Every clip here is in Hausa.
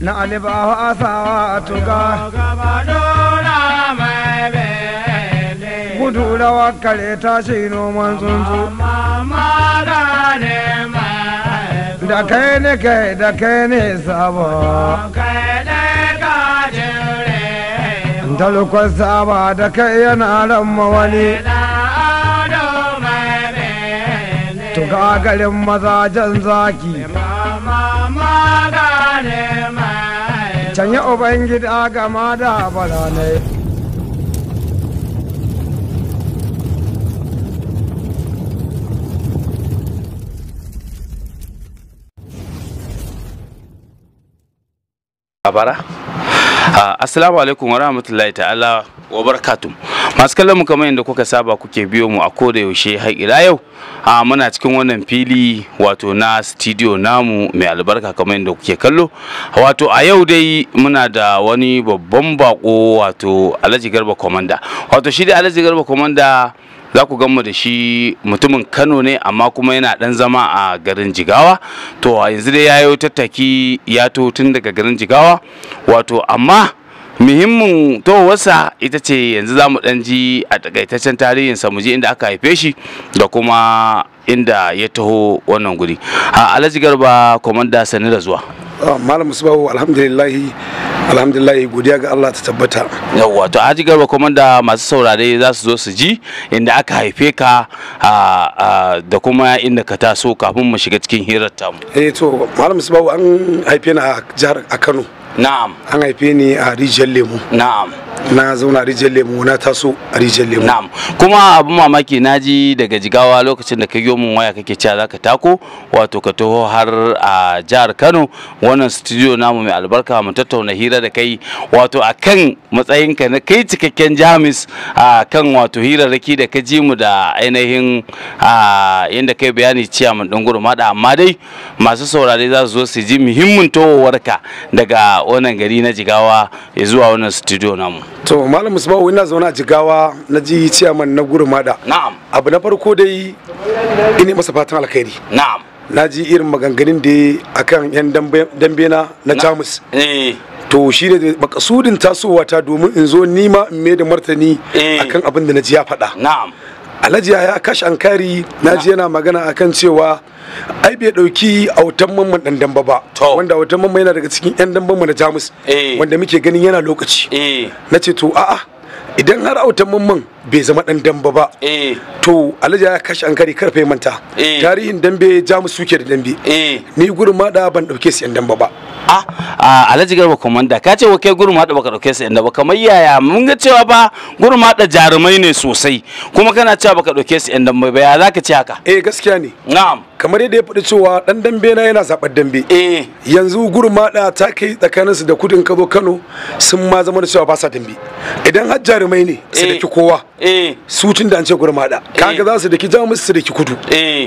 na alibawa asawa tuga gudu rawa kare tashi noman tsuntsu da kai ne kai da kai ne sabo talukon saba da kai yana ran mawani tuga garin jan zaki sanya ubangida gama da baranai a bara ah, assalamu alaikum wa rahmatullahi ta'ala wa barakatuh masu kallon mu kamar yadda kuka saba kuke biyo mu a koda yaushe har ila yau a muna cikin wannan fili wato na studio namu mai albarka kamar yadda kuke kallo wato a yau dai muna da wani babban bako wato Alhaji Garba Komanda wato shi dai Alhaji Garba Komanda za ku mu da shi mutumin Kano ne amma kuma yana dan zama a garin Jigawa to yanzu dai yi tattaki ya to tun daga garin Jigawa wato amma muhimmin towarsa ita ce yanzu za mu ɗan ji a takaitaccen tarihinsa mu ji inda aka haife shi da kuma inda ya taho wannan guri a alhaji garba komanda sani da zuwa ah, malam musbahu alhamdulillahi alhamdulillahi godiya ga Allah ta tabbata yawwa to aji garba komanda masu saurare za su zo su ji inda aka haife ka da kuma inda ka taso kafin mu shiga cikin hirar tamu eh to malam musbahu an haife ni a jihar a Kano na'am an haife ni a rijiyar lemu na'am na zauna rijiyar lemu na taso a rijiyar lemu na'am kuma abin mamaki na ji daga jigawa lokacin da ka yi mun waya kake cewa zaka tako wato ka taho har a jihar Kano wannan studio namu mai albarka mu tattauna hira da kai wato akan matsayinka na kai cikakken Jamis kan wato hirarraki da ka ji mu da ainihin yadda kai bayani cewa mun dunguru amma dai masu saurare za su zo su ji muhimmin ka daga wannan gari na jigawa ya zuwa wannan studio namu to malam musbahu ina zaune a jigawa na ji ciyaman na gurmada na'am abu na farko dai ina masa fatan alkhairi na'am na ji irin maganganun da akan yan dambe na na jamus eh. to shi ne makasudin tasowa ta domin in zo nima in mai da martani eh. akan abin da na ji ya faɗa na'am alhaji ya kashe ankari na ji yana magana akan cewa ai bai dauki autan mamman dan damba ba wanda autan mamman yana daga cikin yan damban na jamus eh. wanda muke ganin yana lokaci eh. na ce to a'a idan har autan mamman bai zama dan damba ba eh. to alhaji ya kashe ankari karfe manta tarihin dambe jamus suke da dambe ni gurin ma da ban dauke su yan damba ba a ah, ah, alhaji garba komanda ka ce kai gurma da baka dauke su inda ba kamar yaya mun ga cewa ba gurma da jarumai ne sosai kuma kana cewa baka dauke su inda ba ya zaka ce haka eh gaskiya ne na'am kamar yadda ya faɗi cewa ɗan dambe na yana zaɓar dambe eh. yanzu gurin maɗa ta kai tsakaninsu da kudin kazo kano sun ma zama da cewa ba sa dambe idan har jarumai ne su eh. daki kowa eh. su tun da an ce gurin maɗa kaga za su daki jamus su daki kudu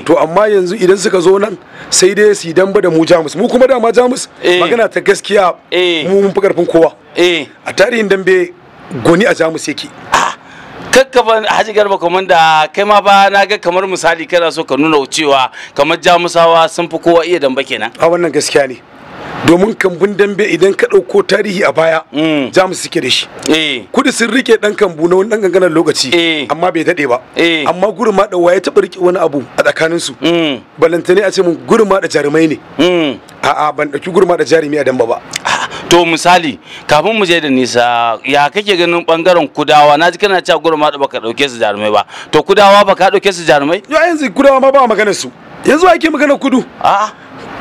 to amma yanzu idan suka zo nan sai dai su yi damba da mu jamus mu kuma dama jamus magana ta gaskiya mu mun fi karfin kowa a tarihin dambe goni a jamus yake kakkafa haji garba da kai ma ba na ga kamar misali kana so ka nuna cewa kamar jamusawa sun fi kowa iya damba kenan a wannan gaskiya ne domin kambun dambe idan ka ɗauko tarihi a baya mm. jamus suke da shi eh. kudu sun rike ɗan kambu na wani ganganar lokaci eh. amma bai daɗe ba eh. amma gurin ma ya taɓa rike wani abu a tsakanin su mm. balantane a ce mun gurin ma da jarumai ne mm. a'a ban ɗauki gurin ma da jarumi a damba ba ah, to misali kafin mu je da nisa ya kake ganin bangaren kudawa na ji kana cewa gurma da baka dauke su jarumai ba to kudawa baka dauke su jarumai yo yanzu kudawa ma ba magana su yanzu ake magana kudu a'a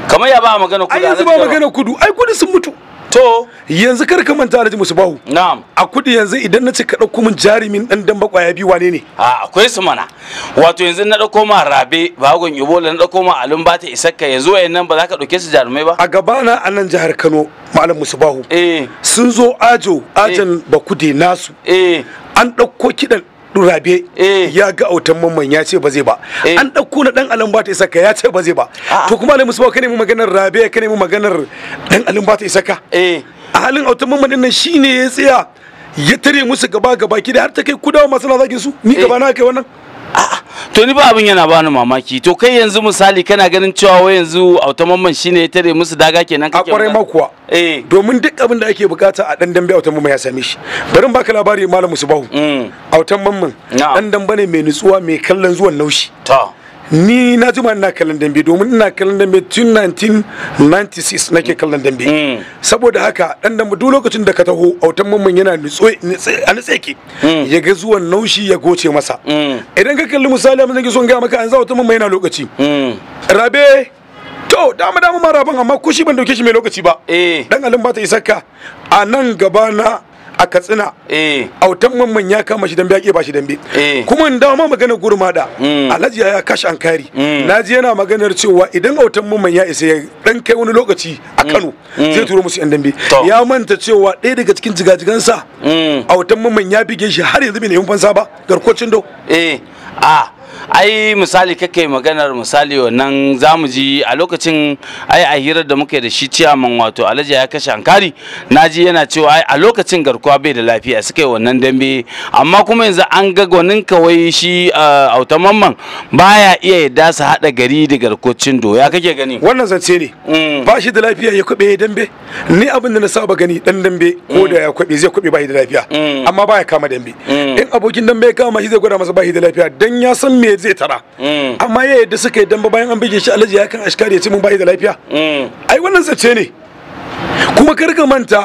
kamar ya ba magana kudu a yanzu ba magana kudu ai kudu sun mutu to yanzu kar ka manta da musu bahu na'am a kudu yanzu idan na ce ka dauko min jarimin dan dan bakwaya bi wane ne a akwai su mana wato yanzu na dauko ma rabe bagon ibola na dauko ma alumba ta isakka yanzu wayannan ba za ka dauke su jarumai ba a gaba na a nan jihar Kano malam musu bahu eh sun zo ajo ajan eh. bakude nasu eh an dauko kidan rabe eh. ya ga autan mamman ya ce ba zai ba eh. an ɗauko na ɗan alin ta isaka ya ce ba zai ba to kuma ne musu ba ka nemi maganar rabe ka nemi maganar ɗan alin ta isaka eh. a halin autan mamman ɗin nan shine ya tsaya ya tare musu gaba gaba ki da har ta kai kudawa masu lazakin su ni gaba na kai wannan to ni ba abin yana ba ni mamaki to kai yanzu misali kana ganin cewa wai yanzu autamamman shine ya tare musu daga kenan kake a kwarai ma kuwa eh domin duk abin da ake bukata a dan dambe autamamman ya same shi Barin baka labari malam musubahu mm. autamamman dan dambe ne mai nutsuwa mai kallon zuwan naushi to ni na jima ina kalan dambe domin ina kallon dambe tun 1996 nake kallon dambe mm. saboda haka dan dambe duk lokacin da ka taho autan mamman yana a mm. ya ga zuwan naushi ya goce masa mm. idan ka kalli misali abin da son gaya maka an za autan mamman yana lokaci rabe to dama dama ma rabon amma kushi ban dauke shi mai lokaci ba eh. dan alin ba ta isaka a nan gaba na a katsina eh. autan mamman ya kama shi dambe ya ba shi dambe eh. kuma in dawo ma magana da hmm. alhaji ya kashi an kari hmm. na ji yana maganar cewa idan autan mamman ya isa ya dan kai wani lokaci a hmm. kano zai turo musu yan dambe ya manta cewa ɗaya daga cikin jigajigansa autan mamman ya bige shi har yanzu bai neman fansa ba garkocin do eh. a ai misali kake maganar misali wannan zamu ji a lokacin ai a hirar da muke da shi ciyaman wato alhaji ya kashe ankari naji yana cewa ai a lokacin garkuwa bai da lafiya suke wannan dambe amma kuma yanzu an ga gwanin kawai shi autamamman baya iya yadda su haɗa gari da garkocin doya kake gani wannan zance ne mm. ba shi da lafiya ya kube dambe ni abin da na saba gani dan dambe ko mm. da ya kube zai kube ba shi da lafiya mm. amma baya kama dambe in abokin dambe ya kama shi zai gwada masa ba shi da lafiya dan ya san me zai tara mm. amma yayin yadda suka dan ba bayan an bige shi alhaji ya kan ashkari ya ce mun bai da lafiya mm. ai wannan zace ne kuma karka manta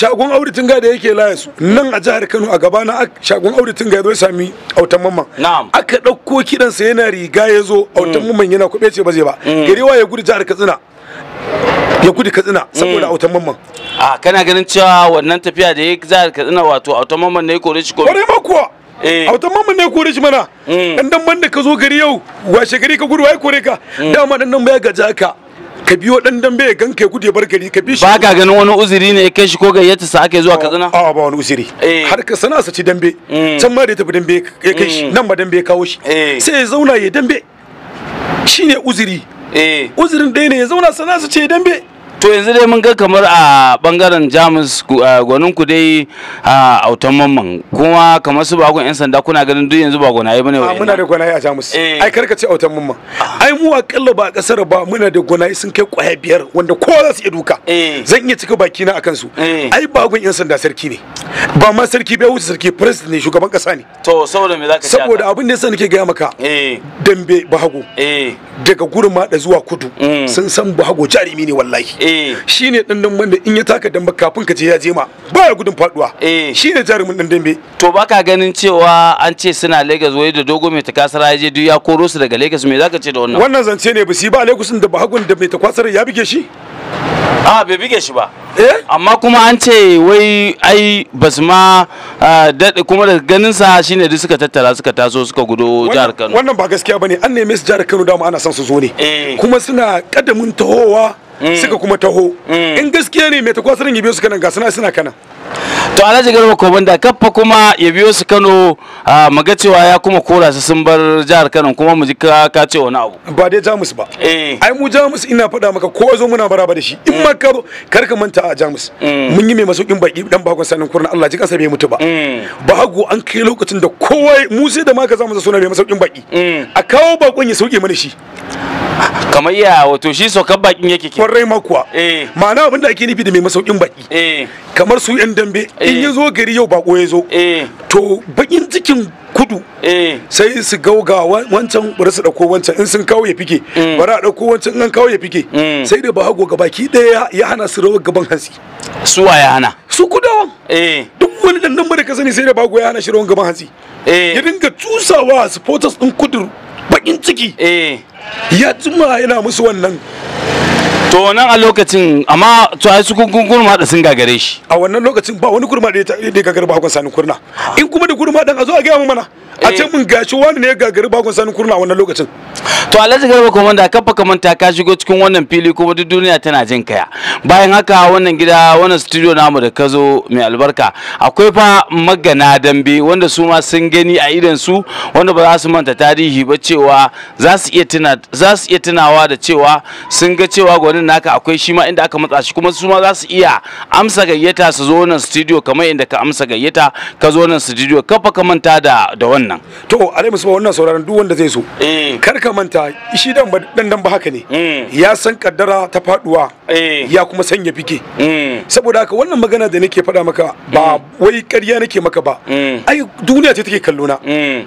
shagon aure tunga da yake layas nan a jihar Kano a gaba na shagon aure tunga ya zo sami autan mamman aka ɗauko sa yana riga ya zo mm. autan mamman yana kube ce ba zai ba gari ya gudu jihar Katsina ya gudu katsina saboda autan mamman a ah, kana ganin cewa wannan tafiya da ya za katsina wato autan mamman ne kore shi kore ma kuwa Eh. a wata mamman ne kore shi mana mm. dan dan banda ka zo gari yau washe gari ka gudu wai kore ka mm. dama dan nan baya gaja ka ka biyo dan dan baya gan kai gudu bar gari ka bi shi ba ka ganin wani uzuri ne kai shi ko gayyata sa ake zuwa Katsina a ba wani uzuri eh. har ka sana sa ci dambe mm. can ma da tafi dambe ya kai shi nan ba dambe ya kawo shi eh. sai ya zauna ya dambe shine uzuri uzurin ɗaya ne ya zauna sana sa ce dambe to yanzu dai mun ga kamar a bangaren jamus gwanin ku dai a autan mamman kuma kamar su bagon yan sanda kuna ganin duk yanzu ba gwanaye bane wa'annan muna da gwanaye a jamus eh. ai karka ce autan mamman ai mu akalla ba kasar ba muna da gwanaye sun kai kwaya biyar wanda kowa za su iya duka eh. zan iya cika baki na akan su eh. ai bagon yan sanda sarki ne ba ma sarki bai wuce sarki president ne shugaban kasa ne to saboda me zaka saboda abin da yasa nake gaya maka dambe bahago daga gurin ma da zuwa kudu mm. sun san bahago jarimi ne wallahi Eh. shine dan dambe da in ya taka damba kafin ka je ya jema baya gudun faduwa eh. shine jarumin dan dambe to baka ganin cewa an ce suna Lagos wai da dogo mai takasara ya je duk ya koro su daga Lagos me zaka ce da wannan wannan zance ne bisi ba Lagos da ba hagun da mai takasara ya bige shi a bai bige shi ba eh? amma kuma an ce wai ai basma ma daɗe kuma da ganin sa shine duk suka tattara suka taso suka gudo jihar Kano wannan ba gaskiya bane an ne su jihar Kano da mu ana son su zo ne kuma suna kadamin tahowa suka kuma taho mm. in gaskiya ne mai takwasirin gibe su kanan ga suna suna kana. to alhaji garba koban da kafa kuma ya biyo su kano mu cewa ya kuma kora su sun bar jihar kano kuma mu ji ka ce wani abu ba dai jamus ba eh. ai mu jamus ina faɗa maka ko zo muna baraba da shi in mm. ma ka kar ka manta a jamus mm. mun yi mai masaukin baki dan bakon sanin kurna Allah ji kasa bai mutu ba mm. ba an kai lokacin da kowa mu sai da ma ka zamu suna mai masaukin baki a kawo bakon ya sauke mana shi kamar iya wato shi so bakin yake ke kwarai makuwa eh. ma'ana abinda da ake nufi da mai masaukin baki eh. kamar su yan dambe in eh. ya zo gari yau bako ya zo eh. to bakin cikin kudu eh. sai su gauga wancan bari su dauko wancan in sun kawo ya fike mm. bari a dauko wancan in an kawo ya fike mm. sai da bahago baki daya ya hana su rawar gaban hansi su wa ya hana su kudawan duk wani dan nan da ka sani sai da bahago ya hana shi rawar gaban hansi ya dinga tusawa supporters din kudu bakin ciki ya jima yana musu wannan to nan a lokacin amma to ai su ma da sun gagare shi a wannan lokacin ba wani gurma da ya gagare bakon sanin kurna in kuma da gurma dan a zo a mu mana a ce eh. mun gashi wani ne ya gagare bakon sanin kurna a wannan lokacin to alhaji garba da kafa kamanta ka shigo cikin wannan fili kuma duk duniya tana jin kaya bayan haka wannan gida wannan studio namu da ka zo mai albarka akwai fa magana dambe wanda su ma sun gani a idan su wanda ba za su manta tarihi ba cewa za su iya tuna za su iya tunawa da cewa sun ga cewa gwanin naka akwai shi ma inda aka matsa shi kuma su ma za su iya amsa gayyata su zo wannan studio kamar inda ka amsa gayyata ka zo wannan studio kafa kamanta da da wannan to alai musu wannan sauraron duk wanda zai so eh. kar ka manta shi dan dan ba haka ne hmm. ya san kaddara ta faduwa eh. ya kuma sanya fike hmm. saboda haka wannan magana da nake faɗa maka ba hmm. wai ƙarya nake maka ba ai duniya ce take kallo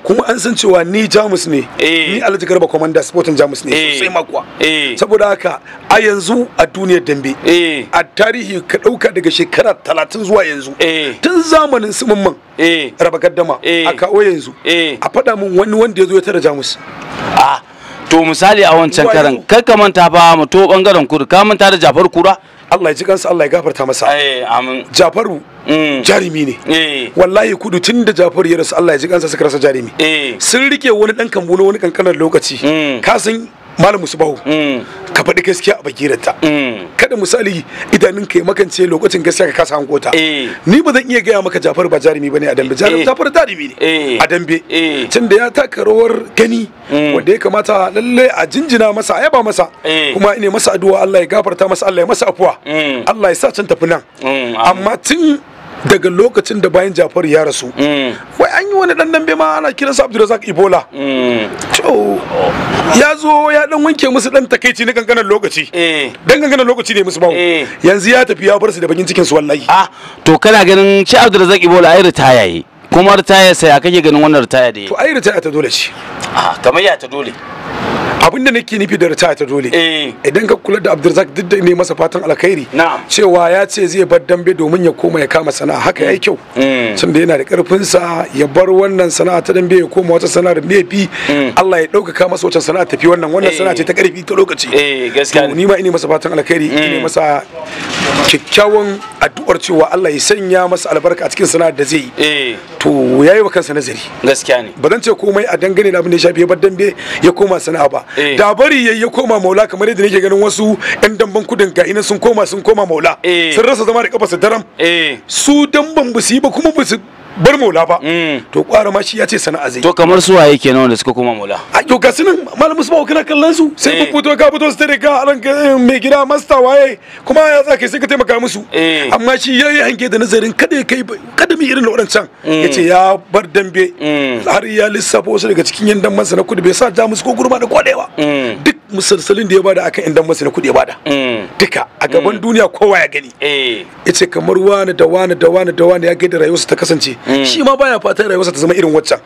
kuma an san cewa ni jamus ne eh. ni alhaji garba commander sporting jamus ne eh. sosai makuwa saboda haka a yanzu a duniyar dambe a tarihi ka ɗauka daga shekara talatin zuwa yanzu tun zamanin su mamman raba gaddama a kawo yanzu a faɗa min wani wanda ya zo ya tara jamus ah to misali a wancan karan kar ka manta fa mu to bangaren kudu ka manta da Jafar Kura Allah ya ji kansa Allah ya gafarta masa eh amin Jafaru mm. jarimi ne eh. wallahi kudu tun da Jafaru ya rasu Allah ya ji kansa suka rasa jarimi eh. sun rike wani dan kambu wani kankanar lokaci mm. ka san malam bahu. Mm. ka faɗi gaskiya a bagirarta mm. kada misali idanun ka makance lokacin gaskiya ka kasa hankota eh. ni ba zan iya gaya maka jafar ba jarumi ba ne a dambe jafar eh. jarumi ne eh. a dambe can da ya taka rawar gani mm. wanda ya kamata lallai a jinjina masa a yaba masa kuma ine masa addu'a Allah ya gafarta masa Allah ya masa afuwa Allah ya sa can tafi nan amma tun daga lokacin da bayan jafaru ya rasu mm. wai an yi wani dan dambe ma ana kiransa abdulrazak ibola mm. ya zo ya dan wanke musu dan takaici na kankanan lokaci dan eh. kankanan lokaci ne musu bawo eh. yanzu ya tafi ya bar su da bakin cikin su wallahi ah to kana ganin ci abdulrazak ibola ai ritaya yi kuma ritaya sai a ganin wannan ritaya da yi to ai ritaya ta dole ce ah kamar ya ta dole abin da nake nufi da ritaya ta dole eh. idan ka kula da abdulrazak duk da ne masa fatan alkhairi cewa ya ce zai bar dambe domin ya koma ya kama sana'a haka yayi kyau mm. tunda yana da karfin sa ya bar wannan sana'a ta dambe ya koma wata sana'ar mefi mm. Allah ya ka masa wata sana'a tafi wannan wannan sana'a ce ta karfi eh. ta lokaci eh, to ni ma ina masa fatan alkhairi mm. ina masa kyakkyawan addu'ar cewa Allah ya sanya masa albarka a cikin sana'ar da zai yi to yayi wa kansa nazari gaskiya ne ba zan ce komai a dangane da abin da ya shafi ya bar dambe ya koma sana'a ba Eh. da bari yayi ya koma maula kamar yadda nake ganin wasu yan damban kudin ga ina sun koma sun koma maula eh. sun rasa zama da kafa eh. su daram su damban ba ba kuma ba bar mola ba mm. to kwara ma shi ya ce sana'a zai to kamar su waye kenan wanda suka kuma mola a to gasu nan malamin su ba kana kallon su sai ku eh. fito ka fito su tare ka ran eh, mai gida masta waye kuma ya tsaka sai ka taimaka musu eh. amma shi yayi hange da nazarin kada kai kada mu irin wadancan mm. yace ya bar dambe mm. har ya lissafo su daga cikin yandan masa na kudu bai sa jamus ko gurma da kwadewa duk musalsalin da ya bada akan indan masa na kuɗi ya bada mm. duka a gaban mm. duniya kowa ya gani eh. ya ce kamar wani da wani da wani da wani ya gaida rayuwarsa ta kasance mm. shi ma baya fatan rayuwarsa ta zama irin waccan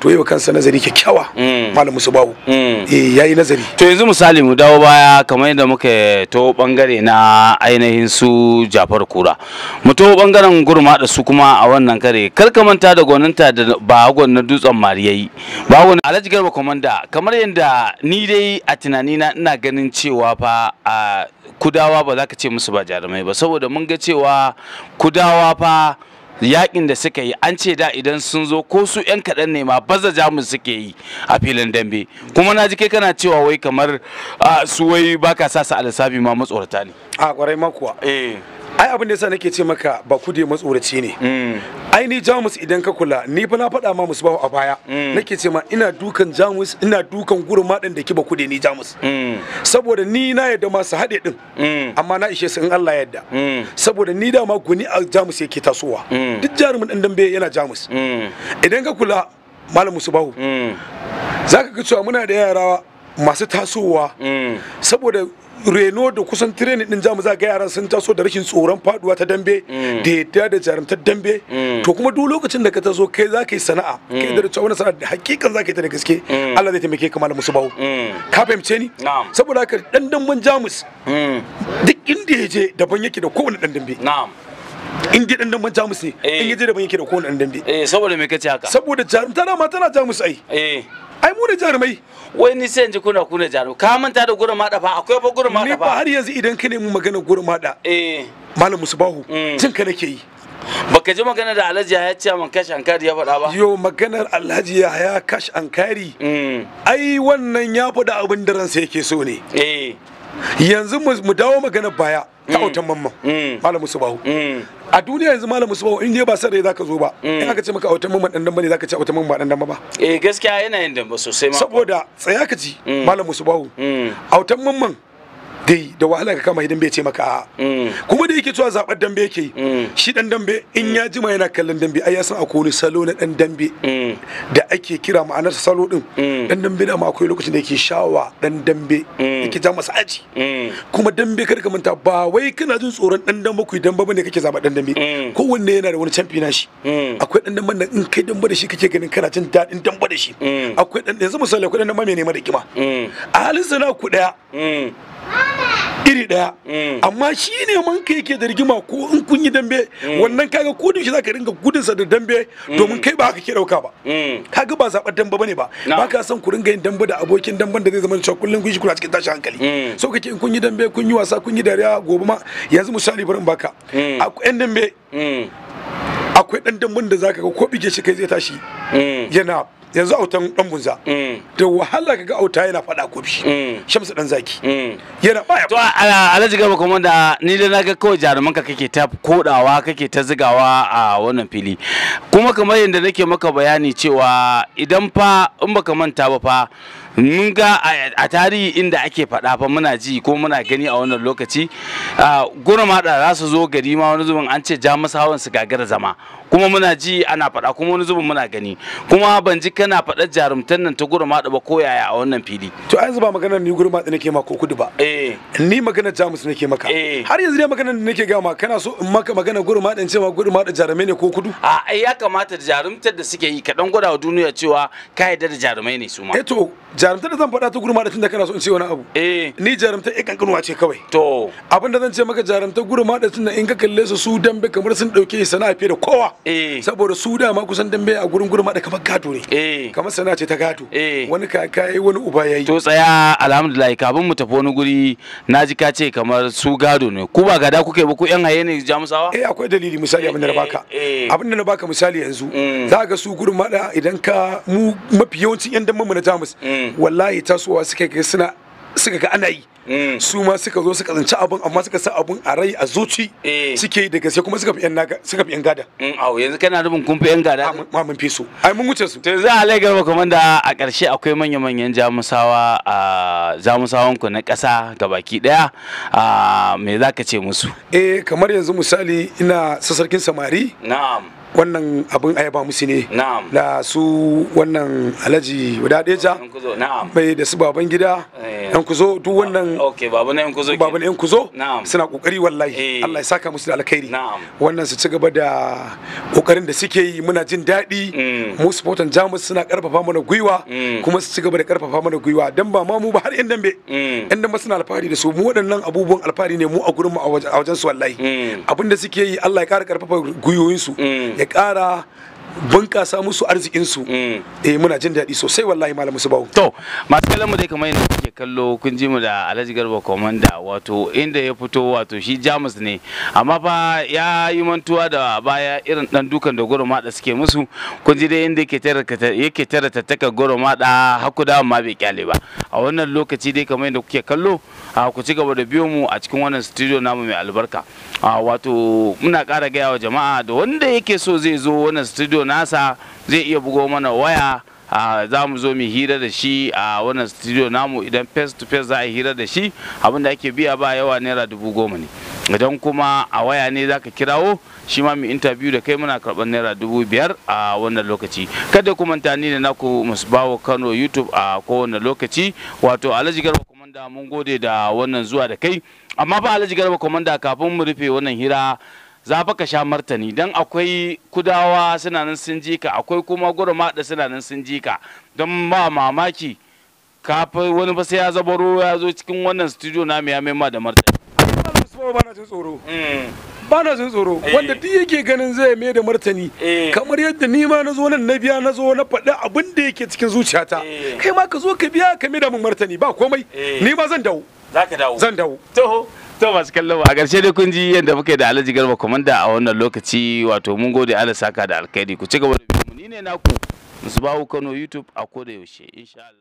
to yi wa kansa nazari kyakkyawa malam musu bawu eh, ya yi nazari to yanzu misali mu dawo baya kamar yadda muka to bangare na ainihin su jafar kura mu to bangaren gurma da su kuma a wannan kare kar ka manta da gwaninta da bagon na dutsen mariyayi bagon alhaji garba komanda kamar yadda ni dai a tunani na ina ganin cewa fa a kudawa ba za ka ce musu ba jarumai ba saboda mun ga cewa kudawa fa yakin da suka yi an ce da idan sun zo ko su yan kaɗan ne ma baza jamus suke yi a filin dambe kuma na ji kai kana cewa wai kamar su wai baka sa su alisabi ma matsorata ne a kwarai makuwa eh ai abin da yasa nake ce maka ba ku da matsoraci ne mm. ai ni jamus idan ka kula ni fa na faɗa ma musu a baya mm. nake ce ma ina dukan jamus ina dukan gurin maɗin da ki ba ku da ni jamus mm. saboda ni na yadda masu haɗe din amma na ishe su in Allah yadda saboda ni dama guni a jamus yake tasowa duk jarumin ɗan dambe yana jamus idan ka kula malam musubahu za ka ga cewa muna da yara masu tasowa saboda reno da kusan training din zamu za ga yaran sun taso da rashin tsoron faduwa ta dambe mm. da yadda da jarumtar dambe mm. to kuma duk lokacin da ka taso kai za ka yi sana'a kai mm. da cewa wani sana'a da hakikan za ka yi ta da gaske Allah zai taimake ka malamu su bawo ka fahimce ni saboda haka dan damben jamus duk inda ya je daban yake da kowane dan dambe in dai dan ban jamus ne eh. in yaje da ban yake da kowane dan dambe eh saboda me kace haka saboda jarumta na ma tana jamus ai eh ai mu ne jarumai wai ni sai in ji kuna kuna jarumai ka manta da gurin mada fa akwai ba gurin mada fa ni ba har yanzu idan ka nemi magana gurin mada eh malam musubahu cin mm. ka nake yi baka ji magana da alhaji ya ce man kashi ankari ya faɗa ba yo maganar alhaji ya ya kash ankari mm. ai wannan ya faɗa abin da ransa yake so ne eh yanzu mu dawo magana baya ta mm. autan mamman mm. malamu bahu. Mm. a duniya yanzu malamu bahu in dai ba dai zaka zo ba in aka ce maka autan mamman dan dan bane zaka ce autan mamma dan dan ba eh gaskiya yana yin dan ba sosai ma saboda tsaya ka ji malamu bahu. autan mamman dai da wahala ka kama idan bai ce maka a mm. kuma da yake cewa zaɓar dambe yake mm. shi dan dambe in ya jima yana kallon dambe ai ya san akwai wani salo na dan dambe mm. da ake kira ma'anar salo din dan dambe da ma akwai lokacin da yake shawa dan dambe yake ja masa aji kuma dambe kar ka manta ba wai kana jin tsoron dan dambe ku dambe bane kake zaba dan dambe kowanne yana da wani champion na shi akwai dan dambe nan in kai dambe da shi kake ganin kana jin daɗin dambe da shi akwai dan yanzu misali akwai dan dambe mai nema da kima a halin sana ku daya iri daya mm. amma shi ne man kai yake da rigima ko in kun yi dambe mm. wannan kaga ko shi zaka ringa gudun sa da dambe mm. domin kai ba haka ke dauka ba kaga ba zaɓar dambe bane ba ba ka san ku ringa yin dambe da abokin damban da zai zama cewa kullun kun shi kula cikin tashi hankali so kake in kun yi dambe kun yi wasa kun yi dariya gobe ma yanzu misali barin baka akwai yan dambe akwai dan damban da zaka ga ko bige shi kai zai tashi yana yanzu autan dan bunza mm. da wahala kaga auta yana fada ko bi mm. shamsu dan zaki mm. yana baya to alhaji gaba kuma da ni da naga kawai jaruman ka kake ta kodawa kake ta zigawa a wannan fili kuma kamar yadda nake maka bayani cewa idan fa in baka manta ba fa mun ga a tarihi inda ake faɗa fa muna ji ko muna gani a wannan lokaci gona mada za su zo gari ma wani zubin an ce jamusawan su gagara zama kuma muna ji ana faɗa kuma wani zubin muna gani kuma ban ji kana faɗa jarumtan nan ta gurin mada ba ko yaya a wannan fili to yanzu ba maganar ni gurin maɗa nake maka kudu ba eh ni magana jamus nake maka eh. har yanzu ne magana da nake gama kana so in maka magana gurin maɗa cewa gurin mada jarumai ne ko kudu a ya kamata jarumtar da suke yi kaɗan gwada wa duniya cewa ka yarda da jarumai ne su ma eh to jarumta da zan faɗa ta gurma da tunda kana so in ce wani abu eh ni jarumta ɗin kankanuwa ce kawai to abin da zan ce maka jarumta gurma da tunda in ka kalle su su dambe kamar sun ɗauke sana fiye da kowa eh saboda su da ma kusan dambe a gurin gurma da kamar gado ne eh kamar sana ce ta gado eh wani kaka yayi wani uba yayi to tsaya alhamdulillah kafin mu tafi wani guri naji ka ce kamar su gado ne ku ba gada kuke ba ku yan haye ne jamusawa eh akwai dalili misali abin da na eh, baka eh. abin da na baka misali yanzu mm. za ka su gurma da idan ka mu mafi yawancin yan dambe mu na jamus mm. Mm. wallahi tasowa suka ga suna suka ga ana yi mm. su ma suka zo suka zanci abun amma suka sa abun a rai a zuci eh. suke da gaske kuma suka fi yan naga suka fi yan gada mm, au yanzu kana nufin kun fi yan gada ma mun fi su ai mun wuce su to za a lagar ba komanda a ƙarshe akwai manya manyan jamusawa a jamusawan ku na ƙasa gabaki daya me zaka ce musu eh kamar yanzu misali ina sasarkin samari na'am wannan abin ayaba musu ne da su wannan alhaji guda deja mai da su baban gida eh. yan kuzo duk wannan ah, baban yan kuzo suna kokari wallahi eh. Allah ya saka musu da alkhairi wannan su ci gaba da kokarin da suke yi muna jin daɗi mm. mu supportan jamus suna karfafa mana gwiwa mm. kuma su ci gaba da karfafa mana gwiwa dan ba ma mu ba har yan dambe mm. yan dambe suna alfahari da su mu waɗannan abubuwan alfahari ne mu a gurin mu a wajen su wallahi abin da suke yi Allah ya kara karfafa gwiwoyinsu ya ƙara bunƙasa musu arzikinsu mm. eh muna jin daɗi sosai wallahi malam musu bawo to masu kallon mu dai kamar yadda kuke kallo kun ji mu da Alhaji Garba komanda wato inda ya fito wato shi Jamus ne amma fa ya yi mantuwa da baya irin dan dukan da goro mada suke musu kun ji dai inda yake tara yake tara tattaka goro mada haku da ma bai kyale ba a wannan lokaci dai kamar yadda kuke kallo ku ci gaba da biyo mu a cikin wannan studio namu mai albarka wato muna ƙara gaya wa jama'a da wanda yake so zai zo wannan studio nasa zai iya bugo mana waya za mu zo mu hira da shi a wannan studio namu idan face to face za a hira da shi abinda ake biya ba yawa naira dubu goma ne idan kuma a waya ne zaka kirawo shi ma mu interview da kai muna karɓar naira dubu biyar a wannan lokaci kada ku manta ni da naku musbawo kano youtube a kowane lokaci wato alhaji garba komanda mun gode da wannan zuwa da kai amma ba alhaji garba komanda kafin mu rufe wannan hira za fa ka sha martani don akwai kudawa suna nan sun ji ka akwai kuma da suna nan sun ji ka don ba mamaki kafa wani fa sai ya zabaro ya zo cikin wannan studio na ya ma da martani ba na jin tsoro eh. wanda duk yake ganin zai mai da martani eh. kamar yadda ni ma na zo nan na biya na zo na faɗi abin da yake cikin zuciyata eh. kai ma ka zo ka biya ka mai da mun martani ba komai ni ma zan dawo zan dawo to masu kallon a ƙarshe dai kun ji yadda muke da Alhaji Garba komanda a wannan lokaci wato mun gode Allah saka da alkhairi ku ci gaba da mu ni ne naku Musbahu Kano YouTube a koda yaushe insha Allah